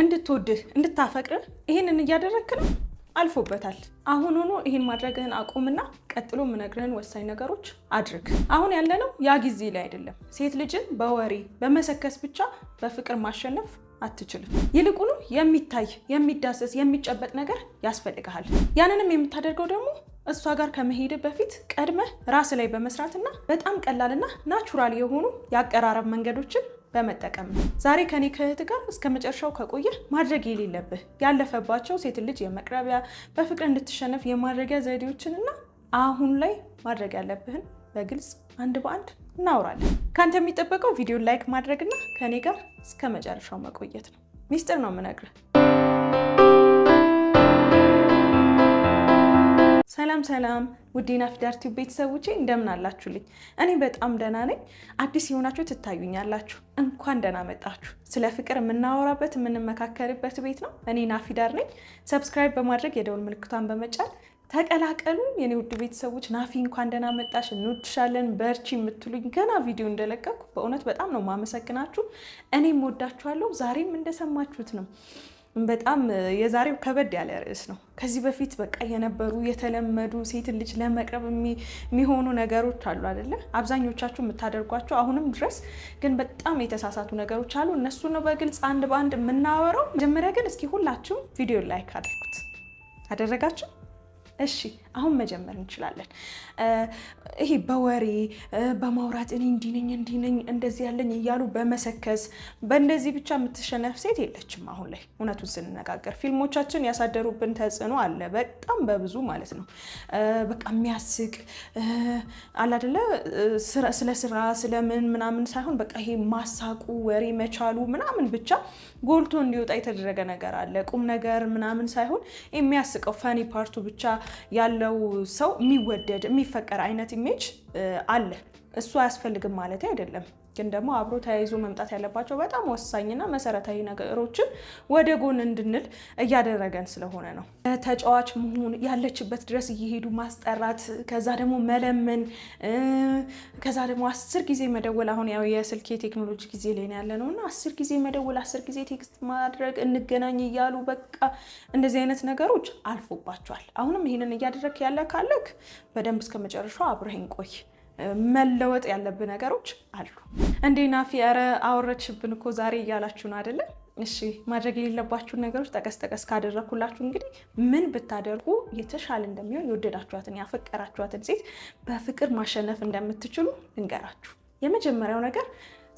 እንድትወድህ እንድታፈቅርህ ይህንን እያደረግክ ነው። አልፎበታል። አሁን ሆኖ ይህን ማድረግህን አቁምና ቀጥሎ የምነግርህን ወሳኝ ነገሮች አድርግ። አሁን ያለነው ያ ጊዜ ላይ አይደለም። ሴት ልጅን በወሬ በመሰከስ ብቻ በፍቅር ማሸነፍ አትችልም። ይልቁኑ የሚታይ የሚዳሰስ የሚጨበጥ ነገር ያስፈልግሃል። ያንንም የምታደርገው ደግሞ እሷ ጋር ከመሄድ በፊት ቀድመህ ራስ ላይ በመስራትና በጣም ቀላልና ናቹራል የሆኑ የአቀራረብ መንገዶችን በመጠቀም ነው። ዛሬ ከኔ ከእህት ጋር እስከ መጨረሻው ከቆየህ ማድረግ የሌለብህ ያለፈባቸው ሴት ልጅ የመቅረቢያ በፍቅር እንድትሸነፍ የማድረጊያ ዘዴዎችን እና አሁን ላይ ማድረግ ያለብህን በግልጽ አንድ በአንድ እናውራለን። ከአንተ የሚጠበቀው ቪዲዮ ላይክ ማድረግና ከእኔ ጋር እስከ መጨረሻው መቆየት ነው። ሚስጥር ነው የምነግርህ። ሰላም ሰላም ውዴና ፊዳር ቲዩብ ቤተሰቦቼ እንደምን አላችሁልኝ? እኔ በጣም ደህና ነኝ። አዲስ የሆናችሁ ትታዩኛላችሁ፣ እንኳን ደህና መጣችሁ። ስለ ፍቅር የምናወራበት የምንመካከርበት ቤት ነው። እኔ ናፊዳር ነኝ። ሰብስክራይብ በማድረግ የደውል ምልክቷን በመጫን ተቀላቀሉ የኔ ውድ ቤተሰቦች። ናፊ እንኳን ደህና መጣሽ፣ እንወድሻለን፣ በርቺ የምትሉኝ ገና ቪዲዮ እንደለቀኩ በእውነት በጣም ነው ማመሰግናችሁ። እኔም ወዳችኋለሁ። ዛሬም እንደሰማችሁት ነው በጣም የዛሬው ከበድ ያለ ርዕስ ነው። ከዚህ በፊት በቃ የነበሩ የተለመዱ ሴት ልጅ ለመቅረብ የሚሆኑ ነገሮች አሉ አይደለ? አብዛኞቻችሁ የምታደርጓቸው አሁንም ድረስ ግን በጣም የተሳሳቱ ነገሮች አሉ። እነሱ ነው በግልጽ አንድ በአንድ የምናወረው መጀመሪያ ግን እስኪ ሁላችሁም ቪዲዮ ላይክ አድርጉት። አደረጋችሁ? እሺ አሁን መጀመር እንችላለን። ይሄ በወሬ በማውራት እኔ እንዲህ ነኝ እንዲህ ነኝ እንደዚህ ያለኝ እያሉ በመሰከስ በእንደዚህ ብቻ የምትሸነፍ ሴት የለችም። አሁን ላይ እውነቱን ስንነጋገር ፊልሞቻችን ያሳደሩብን ተጽዕኖ አለ፣ በጣም በብዙ ማለት ነው። በቃ የሚያስቅ አላደለ ስለ ስራ ስለምን ምናምን ሳይሆን በቃ ይሄ ማሳቁ ወሬ መቻሉ ምናምን ብቻ ጎልቶ እንዲወጣ የተደረገ ነገር አለ። ቁም ነገር ምናምን ሳይሆን የሚያስቀው ፈኒ ፓርቱ ብቻ ያለ ያለው ሰው የሚወደድ የሚፈቀር አይነት ኢሜጅ አለ። እሱ አያስፈልግም ማለት አይደለም፣ ግን ደግሞ አብሮ ተያይዞ መምጣት ያለባቸው በጣም ወሳኝና መሰረታዊ ነገሮችን ወደ ጎን እንድንል እያደረገን ስለሆነ ነው። ተጫዋች መሆን ያለችበት ድረስ እየሄዱ ማስጠራት፣ ከዛ ደግሞ መለመን፣ ከዛ ደግሞ አስር ጊዜ መደወል። አሁን ያው የስልክ የቴክኖሎጂ ጊዜ ላይ ያለ ነው እና አስር ጊዜ መደወል፣ አስር ጊዜ ቴክስት ማድረግ፣ እንገናኝ እያሉ በቃ እንደዚህ አይነት ነገሮች አልፎባቸዋል። አሁንም ይህንን እያደረግ ያለ ካለክ በደንብ እስከ መጨረሻው አብረኝ ቆይ። መለወጥ ያለብን ነገሮች አሉ። እንዴ ናፊ፣ ኧረ አወረችብን እኮ ዛሬ እያላችሁን አይደለም? እሺ ማድረግ የሌለባችሁን ነገሮች ጠቀስ ጠቀስ ካደረግኩላችሁ እንግዲህ ምን ብታደርጉ የተሻለ እንደሚሆን የወደዳችኋትን ያፈቀራችኋትን ሴት በፍቅር ማሸነፍ እንደምትችሉ ልንገራችሁ። የመጀመሪያው ነገር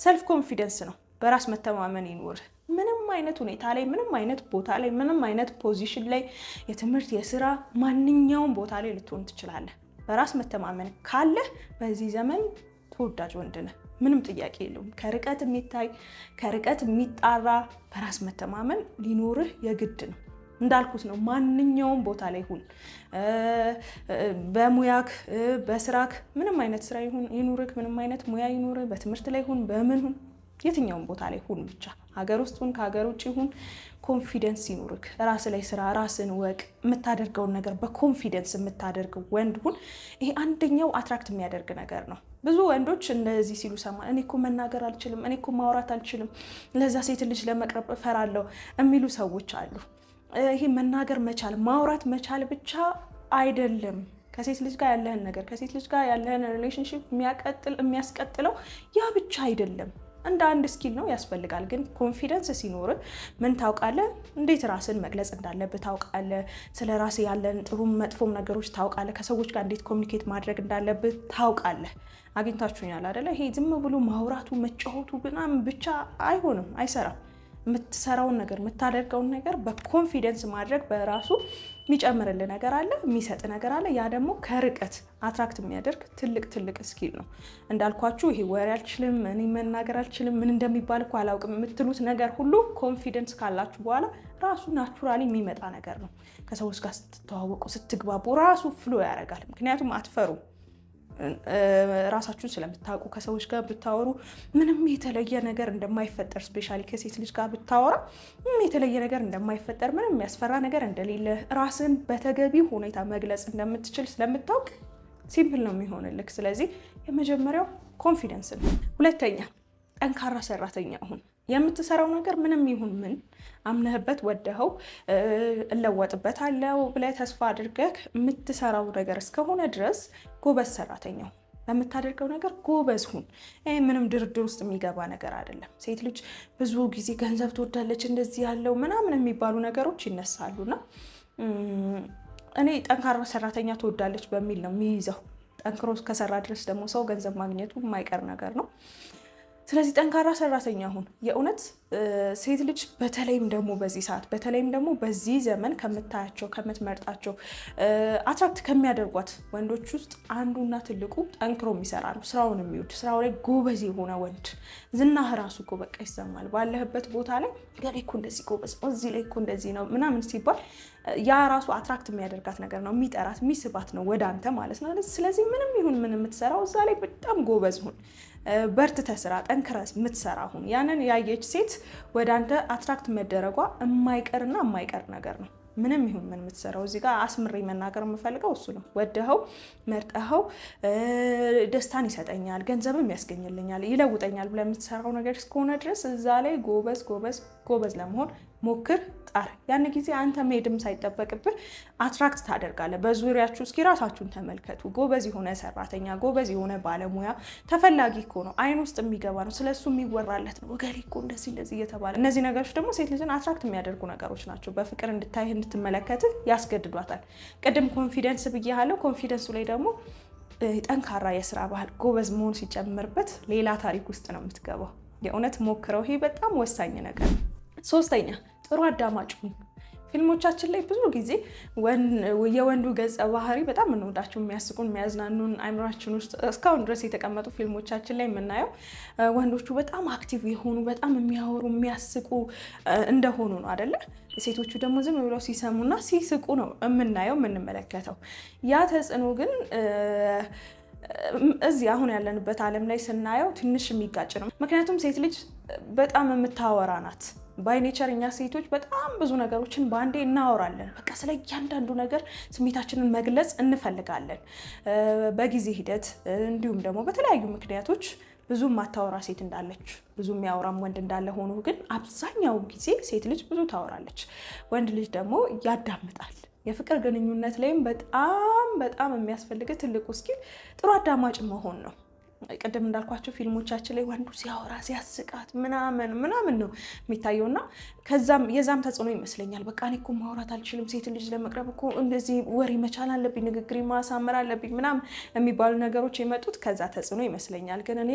ሰልፍ ኮንፊደንስ ነው። በራስ መተማመን ይኑር። ምንም አይነት ሁኔታ ላይ፣ ምንም አይነት ቦታ ላይ፣ ምንም አይነት ፖዚሽን ላይ፣ የትምህርት የስራ ማንኛውም ቦታ ላይ ልትሆን ትችላለህ። በራስ መተማመን ካለህ በዚህ ዘመን ተወዳጅ ወንድ ነህ። ምንም ጥያቄ የለውም። ከርቀት የሚታይ ከርቀት የሚጣራ በራስ መተማመን ሊኖርህ የግድ ነው። እንዳልኩት ነው። ማንኛውም ቦታ ላይ ሁን፣ በሙያክ በስራክ፣ ምንም አይነት ስራ ይኑርክ፣ ምንም አይነት ሙያ ይኑርህ፣ በትምህርት ላይ ሁን፣ በምን ሁን፣ የትኛውም ቦታ ላይ ሁን ብቻ ሀገር ውስጥ ሁን ከሀገር ውጭ ሁን ኮንፊደንስ ይኑርክ። ራስ ላይ ስራ፣ ራስን ወቅ። የምታደርገውን ነገር በኮንፊደንስ የምታደርግ ወንድ ሁን። ይሄ አንደኛው አትራክት የሚያደርግ ነገር ነው። ብዙ ወንዶች እንደዚህ ሲሉ ሰማ። እኔ እኮ መናገር አልችልም፣ እኔ እኮ ማውራት አልችልም፣ ለዛ ሴት ልጅ ለመቅረብ እፈራለሁ የሚሉ ሰዎች አሉ። ይሄ መናገር መቻል ማውራት መቻል ብቻ አይደለም። ከሴት ልጅ ጋር ያለህን ነገር ከሴት ልጅ ጋር ያለህን ሪሌሽንሽፕ የሚያቀጥል የሚያስቀጥለው ያ ብቻ አይደለም። እንደ አንድ ስኪል ነው ያስፈልጋል። ግን ኮንፊደንስ ሲኖር ምን ታውቃለ? እንዴት ራስን መግለጽ እንዳለብህ ታውቃለ። ስለ ራስ ያለን ጥሩም መጥፎም ነገሮች ታውቃለ። ከሰዎች ጋር እንዴት ኮሚኒኬት ማድረግ እንዳለብህ ታውቃለ። አግኝታችሁኛል አደለ? ይሄ ዝም ብሎ ማውራቱ መጫወቱ ምናምን ብቻ አይሆንም፣ አይሰራም። የምትሰራውን ነገር የምታደርገውን ነገር በኮንፊደንስ ማድረግ በራሱ የሚጨምርልህ ነገር አለ፣ የሚሰጥ ነገር አለ። ያ ደግሞ ከርቀት አትራክት የሚያደርግ ትልቅ ትልቅ ስኪል ነው። እንዳልኳችሁ ይሄ ወሬ አልችልም፣ እኔ መናገር አልችልም፣ ምን እንደሚባል እኮ አላውቅም የምትሉት ነገር ሁሉ ኮንፊደንስ ካላችሁ በኋላ ራሱ ናቹራሊ የሚመጣ ነገር ነው። ከሰዎች ጋር ስትተዋወቁ ስትግባቡ ራሱ ፍሎ ያደርጋል። ምክንያቱም አትፈሩም። ራሳችሁን ስለምታውቁ ከሰዎች ጋር ብታወሩ ምንም የተለየ ነገር እንደማይፈጠር ስፔሻሊ ከሴት ልጅ ጋር ብታወራ ምንም የተለየ ነገር እንደማይፈጠር ምንም የሚያስፈራ ነገር እንደሌለ ራስን በተገቢ ሁኔታ መግለጽ እንደምትችል ስለምታውቅ ሲምፕል ነው የሚሆንልክ። ስለዚህ የመጀመሪያው ኮንፊደንስ ነው። ሁለተኛ ጠንካራ ሰራተኛ ሁን። የምትሰራው ነገር ምንም ይሁን ምን አምነህበት ወደኸው እለወጥበታለሁ ብለህ ተስፋ አድርገህ የምትሰራው ነገር እስከሆነ ድረስ ጎበዝ ሰራተኛው በምታደርገው ነገር ጎበዝ ሁን። ምንም ድርድር ውስጥ የሚገባ ነገር አይደለም። ሴት ልጅ ብዙ ጊዜ ገንዘብ ትወዳለች፣ እንደዚህ ያለው ምናምን የሚባሉ ነገሮች ይነሳሉና እኔ ጠንካራ ሰራተኛ ትወዳለች በሚል ነው የሚይዘው። ጠንክሮ ከሰራ ድረስ ደግሞ ሰው ገንዘብ ማግኘቱ የማይቀር ነገር ነው። ስለዚህ ጠንካራ ሰራተኛ ሁን። የእውነት ሴት ልጅ በተለይም ደግሞ በዚህ ሰዓት በተለይም ደግሞ በዚህ ዘመን ከምታያቸው ከምትመርጣቸው አትራክት ከሚያደርጓት ወንዶች ውስጥ አንዱና ትልቁ ጠንክሮ የሚሰራ ነው። ስራውን የሚወድ ስራው ላይ ጎበዝ የሆነ ወንድ ዝናህ ራሱ እኮ በቃ ይሰማል። ባለህበት ቦታ ላይ ገሌ እኮ እንደዚህ ጎበዝ እዚህ ላይ እኮ እንደዚህ ነው ምናምን ሲባል ያ ራሱ አትራክት የሚያደርጋት ነገር ነው። የሚጠራት የሚስባት ነው ወደ አንተ ማለት ነው። ስለዚህ ምንም ይሁን ምን የምትሰራው እዛ ላይ በጣም ጎበዝ ሁን። በርትተ ስራ ጠንክረ የምትሰራ ሁን። ያንን ያየች ሴት ወደ አንተ አትራክት መደረጓ የማይቀርና የማይቀር ነገር ነው። ምንም ይሁን ምን የምትሰራው እዚህ ጋር አስምሬ መናገር የምፈልገው እሱ ነው። ወደኸው መርጠኸው ደስታን ይሰጠኛል፣ ገንዘብም ያስገኝልኛል፣ ይለውጠኛል ብለህ የምትሰራው ነገር እስከሆነ ድረስ እዛ ላይ ጎበዝ ጎበዝ ጎበዝ ለመሆን ሞክር፣ ጣር። ያን ጊዜ አንተ መሄድም ሳይጠበቅብህ አትራክት ታደርጋለህ። በዙሪያችሁ እስኪ ራሳችሁን ተመልከቱ። ጎበዝ የሆነ ሰራተኛ፣ ጎበዝ የሆነ ባለሙያ ተፈላጊ እኮ ነው። አይን ውስጥ የሚገባ ነው። ስለሱ የሚወራለት ነው። እገሌ እኮ እንደዚህ እንደዚህ እየተባለ እነዚህ ነገሮች ደግሞ ሴት ልጅን አትራክት የሚያደርጉ ነገሮች ናቸው። በፍቅር እንድታይህ እንድትመለከትህ ያስገድዷታል። ቅድም ኮንፊደንስ ብያለሁ። ኮንፊደንሱ ላይ ደግሞ ጠንካራ የስራ ባህል ጎበዝ መሆን ሲጨምርበት ሌላ ታሪክ ውስጥ ነው የምትገባው። የእውነት ሞክረው። ይሄ በጣም ወሳኝ ነገር ነው። ሶስተኛ ጥሩ አዳማጭ ሁኝ። ፊልሞቻችን ላይ ብዙ ጊዜ የወንዱ ገጸ ባህሪ በጣም እንወዳቸው የሚያስቁን፣ የሚያዝናኑን አይምሯችን ውስጥ እስካሁን ድረስ የተቀመጡ ፊልሞቻችን ላይ የምናየው ወንዶቹ በጣም አክቲቭ የሆኑ በጣም የሚያወሩ የሚያስቁ እንደሆኑ ነው አደለ? ሴቶቹ ደግሞ ዝም ብለው ሲሰሙና ሲስቁ ነው የምናየው የምንመለከተው። ያ ተጽዕኖ ግን እዚህ አሁን ያለንበት ዓለም ላይ ስናየው ትንሽ የሚጋጭ ነው። ምክንያቱም ሴት ልጅ በጣም የምታወራ ናት። ባይ ኔቸር እኛ ሴቶች በጣም ብዙ ነገሮችን በአንዴ እናወራለን። በቃ ስለ እያንዳንዱ ነገር ስሜታችንን መግለጽ እንፈልጋለን። በጊዜ ሂደት እንዲሁም ደግሞ በተለያዩ ምክንያቶች ብዙ ማታወራ ሴት እንዳለች ብዙ የሚያወራም ወንድ እንዳለ ሆኖ ግን አብዛኛው ጊዜ ሴት ልጅ ብዙ ታወራለች፣ ወንድ ልጅ ደግሞ ያዳምጣል። የፍቅር ግንኙነት ላይም በጣም በጣም የሚያስፈልገ ትልቁ ስኪል ጥሩ አዳማጭ መሆን ነው። ቅድም እንዳልኳቸው ፊልሞቻችን ላይ ወንዱ ሲያወራ ሲያስቃት ምናምን ምናምን ነው የሚታየውና ከዛም የዛም ተጽዕኖ ይመስለኛል። በቃ እኔ እኮ ማውራት አልችልም፣ ሴት ልጅ ለመቅረብ እኮ እንደዚህ ወሬ መቻል አለብኝ፣ ንግግሬ ማሳመር አለብኝ ምናምን የሚባሉ ነገሮች የመጡት ከዛ ተጽዕኖ ይመስለኛል። ግን እኔ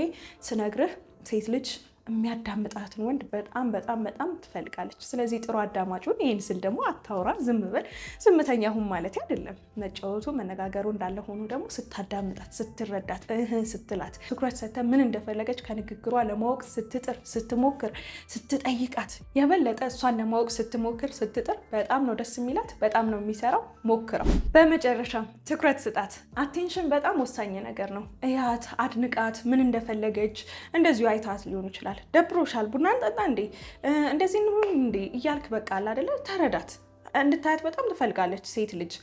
ስነግርህ ሴት ልጅ የሚያዳምጣትን ወንድ በጣም በጣም በጣም ትፈልጋለች። ስለዚህ ጥሩ አዳማጩን ይህን ስል ደግሞ አታውራ፣ ዝም በል፣ ዝምተኛ ሁን ማለት አይደለም። መጫወቱ መነጋገሩ እንዳለ ሆኖ ደግሞ ስታዳምጣት፣ ስትረዳት፣ እህ ስትላት፣ ትኩረት ሰተ ምን እንደፈለገች ከንግግሯ ለማወቅ ስትጥር፣ ስትሞክር፣ ስትጠይቃት፣ የበለጠ እሷን ለማወቅ ስትሞክር፣ ስትጥር፣ በጣም ነው ደስ የሚላት፣ በጣም ነው የሚሰራው። ሞክረው። በመጨረሻ ትኩረት ስጣት። አቴንሽን በጣም ወሳኝ ነገር ነው። እያት፣ አድንቃት፣ ምን እንደፈለገች እንደዚሁ አይታት ሊሆን ይችላል ደክሞሻል፣ ደብሮሻል፣ ቡና እንጠጣ እንዴ እንደዚህ እንሁን እንዴ እያልክ በቃ አለ አይደለ ተረዳት። እንድታያት በጣም ትፈልጋለች ሴት ልጅ።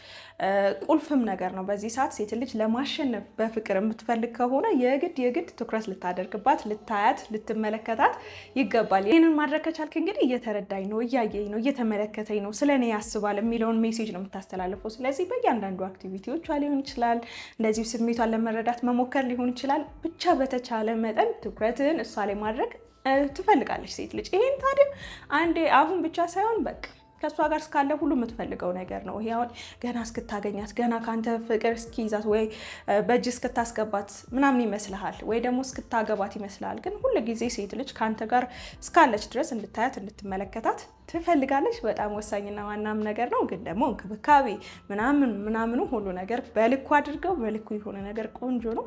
ቁልፍም ነገር ነው በዚህ ሰዓት ሴት ልጅ ለማሸነፍ በፍቅር የምትፈልግ ከሆነ የግድ የግድ ትኩረት ልታደርግባት፣ ልታያት፣ ልትመለከታት ይገባል። ይህንን ማድረግ ከቻልክ እንግዲህ እየተረዳኝ ነው፣ እያየኝ ነው፣ እየተመለከተኝ ነው፣ ስለ እኔ ያስባል የሚለውን ሜሴጅ ነው የምታስተላልፈው። ስለዚህ በእያንዳንዱ አክቲቪቲዎቿ ሊሆን ይችላል፣ እንደዚህ ስሜቷን ለመረዳት መሞከር ሊሆን ይችላል። ብቻ በተቻለ መጠን ትኩረትን እሷ ላይ ማድረግ ትፈልጋለች ሴት ልጅ። ይሄን ታዲያ አንዴ አሁን ብቻ ሳይሆን በቃ ከእሷ ጋር እስካለ ሁሉ የምትፈልገው ነገር ነው። ይሄ አሁን ገና እስክታገኛት ገና ከአንተ ፍቅር እስኪይዛት ወይ በእጅ እስክታስገባት ምናምን ይመስልሃል፣ ወይ ደግሞ እስክታገባት ይመስልሃል። ግን ጊዜ ሴት ልጅ ከአንተ ጋር እስካለች ድረስ እንድታያት እንድትመለከታት ትፈልጋለች። በጣም ወሳኝና ዋናም ነገር ነው። ግን ደግሞ እንክብካቤ ምናምን ምናምኑ ሁሉ ነገር በልኩ አድርገው በልኩ የሆነ ነገር ቆንጆ ነው።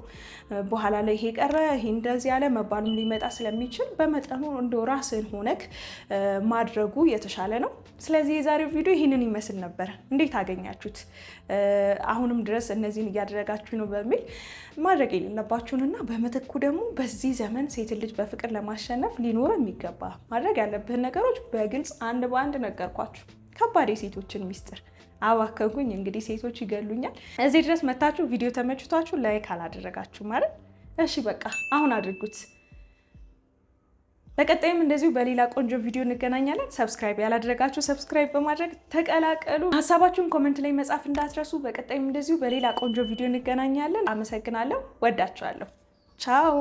በኋላ ላይ ይሄ ቀረ ይሄ እንደዚህ ያለ መባሉም ሊመጣ ስለሚችል በመጠኑ እንደው ራስን ሆነክ ማድረጉ የተሻለ ነው። ስለዚህ የዛሬው ቪዲዮ ይህንን ይመስል ነበር። እንዴት አገኛችሁት? አሁንም ድረስ እነዚህን እያደረጋችሁ ነው በሚል ማድረግ እና በምትኩ ደግሞ በዚህ ዘመን ሴት ልጅ በፍቅር ለማሸነፍ ሊኖረ የሚገባ ማድረግ ያለብህን ነገሮች በግልጽ አንድ በአንድ ነገርኳችሁ። ከባድ የሴቶችን ሚስጥር አባከጉኝ እንግዲህ ሴቶች ይገሉኛል። እዚህ ድረስ መታችሁ ቪዲዮ ተመችቷችሁ ላይክ አላደረጋችሁ ማለት እሺ፣ በቃ አሁን አድርጉት። በቀጣይም እንደዚሁ በሌላ ቆንጆ ቪዲዮ እንገናኛለን። ሰብስክራይብ ያላደረጋችሁ ሰብስክራይብ በማድረግ ተቀላቀሉ። ሀሳባችሁን ኮመንት ላይ መጻፍ እንዳትረሱ። በቀጣይም እንደዚሁ በሌላ ቆንጆ ቪዲዮ እንገናኛለን። አመሰግናለሁ። ወዳችኋለሁ። ቻው